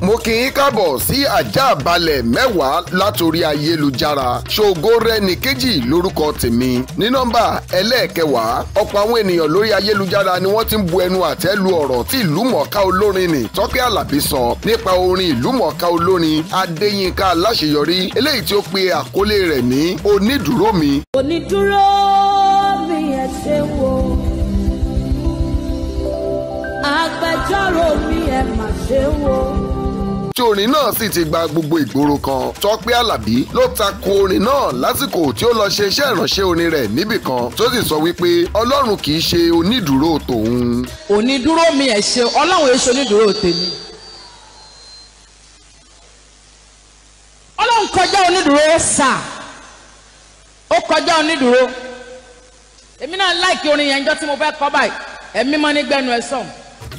mo kì í káàbọ̀ sí ajá balẹ̀ mẹ́wàá látòrí ayélujára ṣògo rẹni kejì lórúkọ tèmi ní nọ́mbà ẹlẹ́ẹ̀kẹwàá ọ̀pọ̀ àwọn ènìyàn lórí ayélujára ni wọ́n ti ń bu ẹnu àtẹ́ lu ọ̀rọ̀ tí ìlúmọ̀ọ́ká olórin nì tọ́pẹ́ àlàbí sọ nípa orin ìlúmọ̀ọ́ká olórin adéyínká aláṣeyọrí eléyìí tí ó pe àkọlé rẹ̀ ní onídùúró mi. onídùúró mi ẹ ṣe wo agbẹjọ́rò mi ẹ mà ṣe wo tí orin náà sì ti gba gbogbo ìgboro kan Tọ́pẹ́ Àlàbí ló takò orin náà lásìkò tí ó lọ ṣe iṣẹ́ ìránṣẹ́ orin rẹ̀ níbì kan tó sì sọ wípé Ọlọ́run kì í ṣe onídùúró tòun. onídùúró mi ẹ̀ ṣe Ọlọ́run èso onídùúró tèmi. Ọlọ́run kọjá onídùúró sà ó kọjá onídùúró èmi náà láìkí orin yẹn jọ tí mo fẹ́ kọ́ báyìí ẹ̀mí mọ́ nígbẹ́nu ẹ̀ sọ̀rọ̀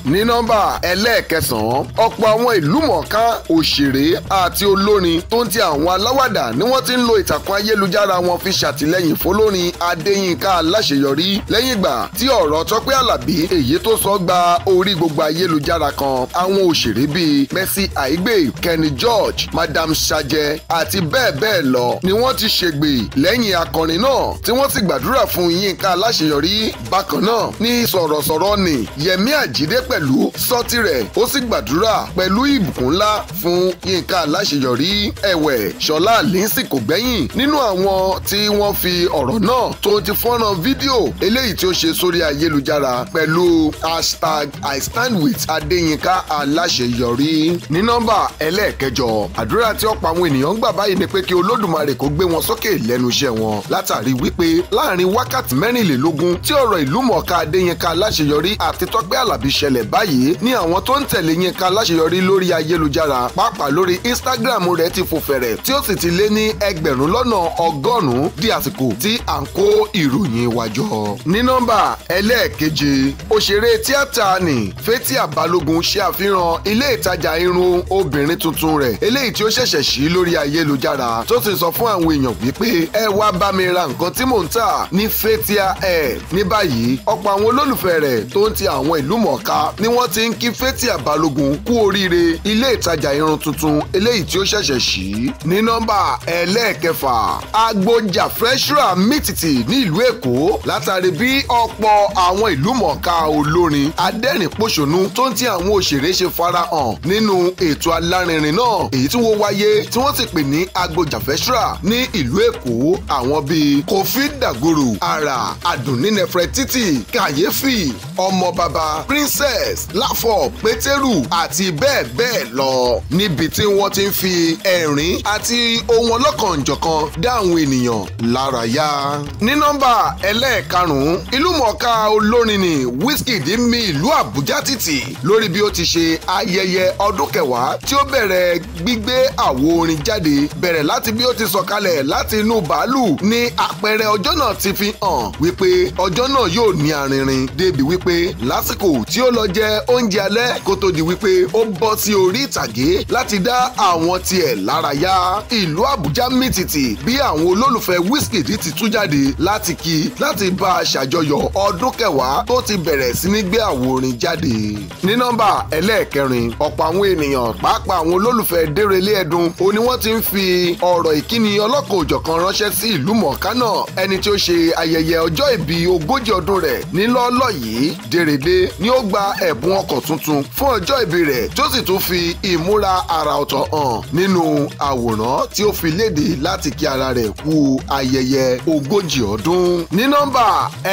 ní nọ́mbà ẹlẹ́ẹ̀kẹsàn-án ọ̀pọ̀ àwọn ìlúmọ̀ọ́ká òṣèré àti olórin tó ń ti àwọn aláwàdà ni wọ́n ti ń lo ìtàkùn ayélujára wọn fi ṣàtìlẹ́yìn fólórin adéyínká aláṣeyọrí lẹ́yìn ìgbà tí ọ̀rọ̀ tọ́pẹ́ àlàbí èyí tó sọ gba orí gbogbo ayélujára kan àwọn òṣèré bíi mercy aigbe kenny george madam sajẹ àti bẹ́ẹ̀ bẹ́ẹ̀ lọ ni wọ́n ti ṣègbè lẹ́yìn akọrin náà tí wọ́n sì gbàdúrà fún yínká aláṣeyọrí bákan náà ní sọ̀rọ̀sọ̀rọ̀ ni yẹmí àjídé pẹ̀ pẹ̀lú sọ tirẹ̀ ó sì gbàdúrà pẹ̀lú ìbùkún ńlá fún Yínká aláṣeyọrí ẹ̀wẹ̀ Ṣọlá Allynsy kò gbẹ́yìn nínú àwọn tí wọ́n fi ọ̀rọ̀ náà tó ti fọ́nrán fídíò eléyìí tí ó ṣe sórí ayélujára pẹ̀lú hashtag I stand with Adéyínká aláṣeyọrí ní nọ́mbà ẹlẹ́ẹ̀kẹjọ àdúrà tí ọ̀pọ̀ àwọn ènìyàn gbà báyìí ni pé kí Olódùmarè kó gbé wọn sókè lẹ́nu iṣẹ́ wọn látàrí wípé láàrin wákàtí mẹ́rìnlélógún tí ọ̀rọ̀ ìlú mọ̀ọ́ká Adéyínká aláṣeyọrí àti Tọ́pẹ́ Àlàbí ṣẹlẹ̀ ṣẹlẹ̀ báyìí ni àwọn tó ń tẹ̀lé Yínká Aláṣeyọrí lórí ayélujára pàápàá lórí Instagram rẹ̀ ti fò fẹ̀rẹ̀ tí ó sì ti lé ní ẹgbẹ̀rún lọ́nà ọgọ́rùn-ún di àsìkò tí à ń kó ìròyìn wa jọ. ní nọ́mbà ẹlẹ́ẹ̀keje òṣèré tíátà nì Fathia Balógun ṣe àfihàn ilé ìtajà irun obìnrin tuntun rẹ̀ eléyìí tí ó ṣẹ̀ṣẹ̀ ṣí lórí ayélujára tó sì sọ fún àwọn èèyàn wípé ẹ wá bá mi ra nǹkan tí mò ń tà ní Fathia ẹ̀ ní báyìí ọ̀pọ̀ àwọn olólùfẹ́ rẹ̀ tó ń ti àwọn ìlú mọ̀ọ́ká ni wọ́n ti ń kí Fathia Balogun kú oríire ilé ìtajà irun tuntun eléyìí tí ó ṣẹ̀ṣẹ̀ ṣí ní nọ́mbà ẹlẹ́ẹ̀kẹfà agbójà freshra mítìtì ní ìlú Èkó látàrí bí ọ̀pọ̀ àwọn ìlú mọ̀ọ́ká olórin adẹ́rìn-pòṣónú tó ń ti àwọn òṣèré ṣe farahàn nínú ètò alárinrin náà èyí tí wọ́n wáyé tí wọ́n ti pè ní agbójà freshra ní ìlú Èkó àwọn bíi Kofi Dagoro ara Adunni Nefertiti Kàyéfì ọmọ baba Princess Blessed Lafọ Pétérù àti bẹ́ẹ̀ bẹ́ẹ̀ lọ níbi tí wọ́n ti ń fi ẹ̀rín àti ohun ọlọ́kanòjọ̀kan dá àwọn ènìyàn lárayá. ní nọ́mbà ẹlẹ́ẹ̀karùn-ún ìlúmọ̀ọ́ká olórin ni Wizkid mi ìlú Àbújá títì lórí bí ó ti ṣe ayẹyẹ ọdún kẹwàá tí ó bẹ̀rẹ̀ gbígbé àwo orin jáde bẹ̀rẹ̀ láti bí ó ti sọ̀kalẹ̀ láti inú bàálù ní àpẹẹrẹ ọjọ́ náà ti fi hàn wípé ọjọ́ náà yóò ní arinrin débi wípé lásìkò tí ó lọ jẹ oúnjẹ alẹ́ kó tó di wípé ó bọ́ sí orí ìtàgé láti dá àwọn tiẹ̀ lárayá ìlú àbújá mìtìtì bí àwọn olólùfẹ́ Wizkid ti tú jáde láti kí láti bá a ṣàjọyọ̀ ọdún kẹwàá tó ti bẹ̀rẹ̀ sí ní gbé àwo orin jáde ní nọ́mbà ẹlẹ́ẹ̀kẹrin ọ̀pọ̀ àwọn ènìyàn pàápàá àwọn olólùfẹ́ dérelé ẹdun òní wọ́n ti ń fi ọ̀rọ̀ ìkíni ọlọ́kan-ò-jọ̀kan ránṣẹ́ sí ìlú mọ̀ọ́ká náà ẹni tí ó ṣe ayẹyẹ ọjọ́ ìbí ogójì ọdún rẹ̀ nílọ́ọ́lọ́ yìí dérelé ni ó gba ẹ̀bùn ọkọ̀ tuntun fún ọjọ́ ìbí rẹ̀ tó sì tún fi ìmúra àrà ọ̀tọ̀ hàn nínú àwòrán tí ó fi léde láti kí ara rẹ̀ kú ayẹyẹ ogójì ọdún. ní nọ́mbà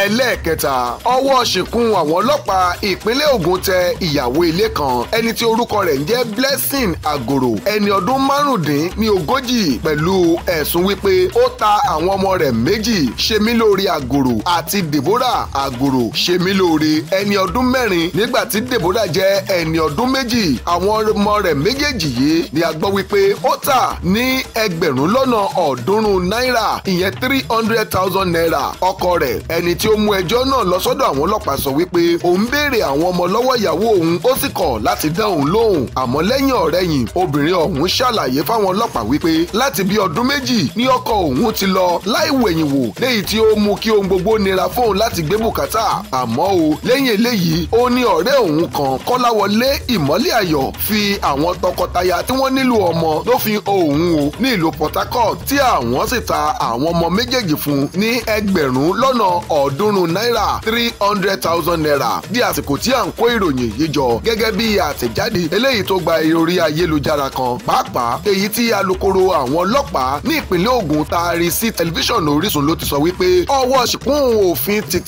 ẹlẹ́ẹ̀kẹta ọwọ́ ṣìnkún àwọn ọlọ́pàá ìpínlẹ̀ Ògùn tẹ ìyàwó ilé kan ẹni tí orúkọ rẹ̀ ń jẹ́ Blessing Agoro ẹni ọdún márùndín ní ogójì pẹ̀lú ẹ̀sùn wípé ó ta àwọn ọmọ rẹ̀ méjì Ṣemílóore Agoro àti Deborah Agoro Ṣemílóore ẹni ọdún mẹ́rin nígb nígbà tí Deborah jẹ́ ẹni ọdún méjì àwọn ọmọ rẹ̀ méjèèjì yìí ni a gbọ́ wípé ó tà ní ẹgbẹ̀rún lọ́nà ọ̀ọ́dúnrún náírà ìyẹn three hundred thousand naira ọkọ rẹ̀ ẹni tí ó mú ẹjọ́ náà lọ sọ́dọ̀ àwọn ọlọ́pàá sọ wípé òun béèrè àwọn ọmọ lọ́wọ́ ìyàwó òun ó sì kọ̀ láti dá òun lóhùn àmọ́ lẹ́yìn ọ̀rẹ́yìn obìnrin ọ̀hún ṣàlàyé fáwọn ọlọ́pàá wípé láti bí ọdún méjì ni ọkọ òun ti lọ láì wẹ̀yìn wò léyìí tí ó mú kí ohun gbogbo nira fóun láti gbé bùkátà àmọ́ o lẹ́yìn eléyìí ó ní ọ̀rẹ́ òṣèré òun kan kọ́láwọlé ìmọ́lẹ̀ ayọ̀ fi àwọn tọkọtaya tí wọ́n nílò ọmọ tó fi òun o ní ìlú port harcourt tí àwọn sì ta àwọn ọmọ méjèèjì fún ní ẹgbẹ̀rún lọ́nà ọ̀ọ́dúnrún náírà three hundred thousand naira di àsìkò tí à ń kó ìròyìn yìí jọ gẹ́gẹ́ bí àtẹ̀jáde eléyìí tó gba orí ayélujára kan pàápàá èyí tí alukoro àwọn ọlọ́pàá ní ìpínlẹ̀ Ògùn taari sí tẹlifíṣàn Orísun ló ti sọ wípé ọwọ́ ṣìkún òfin ti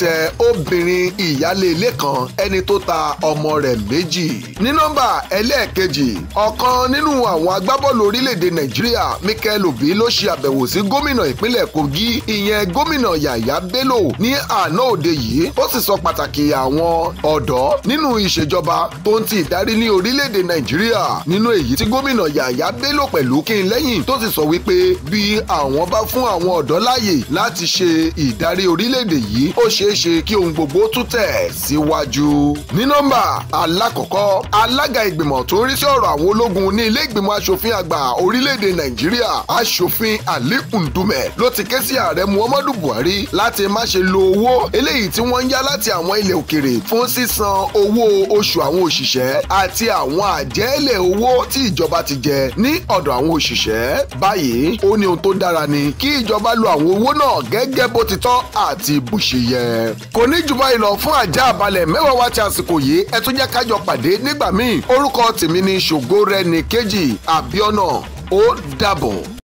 obìnrin ìyáálé ilé kan ẹni tó ta ọmọ rẹ̀ méjì. ní nọ́mbà ẹlẹ́ẹ̀kejì ọ̀kan nínú àwọn agbábọ́ọ̀lù orílẹ̀-èdè nàìjíríà mikel obi ló ṣe àbẹ̀wò sí gómìnà ìpínlẹ̀ kogi ìyẹn gómìnà yàyà bello ní àná òde yìí ó sì sọ pàtàkì àwọn ọ̀dọ́ nínú ìṣèjọba tó ń ti ìdarí ní orílẹ̀-èdè nàìjíríà nínú èyí tí gómìnà yàyà bello pẹ̀lú kí n lẹ́yìn tó sì sọ wípé bí àwọn bá fún àwọn ọ̀dọ́ láàyè láti ṣe ìdarí orílẹ̀-èdè yìí ó ṣeé ṣe kí ohun gbogbo tún tẹ̀ síwájú. ní nọ́mbà alákọ̀ọ́kọ́ alága ìgbìmọ̀ tó ń rí sí ọ̀rọ̀ àwọn ológun ní ilé ìgbìmọ̀ asòfin àgbà orílẹ̀-èdè nàìjíríà asòfin ali ndume ló ti ké sí ààrẹ muhammadu buhari láti má ṣe lo owó eléyìí tí wọ́n ń yá láti àwọn ilẹ̀ òkèrè fún sísan owó oṣù àwọn òṣìṣẹ́ àti àwọn àjẹ́lẹ̀ owó tí ìjọba ti jẹ ní ọ̀dọ̀ àwọn òṣìṣẹ́ báyìí ó ní ohun tó dára ni kí ìjọba lo àwọn owó náà gẹ́gẹ́ bó ti tọ́ àti bó ṣe yẹ kò ní jù báyìí fún àjá àbalẹ̀ mẹ́wàá wá ti àsìkò yìí ẹ tún jẹ́ kájọ pàdé nígbà míì orúkọ tèmi ni ṣògo rẹ̀ ní kejì àbíọ́nà ó dàbọ̀.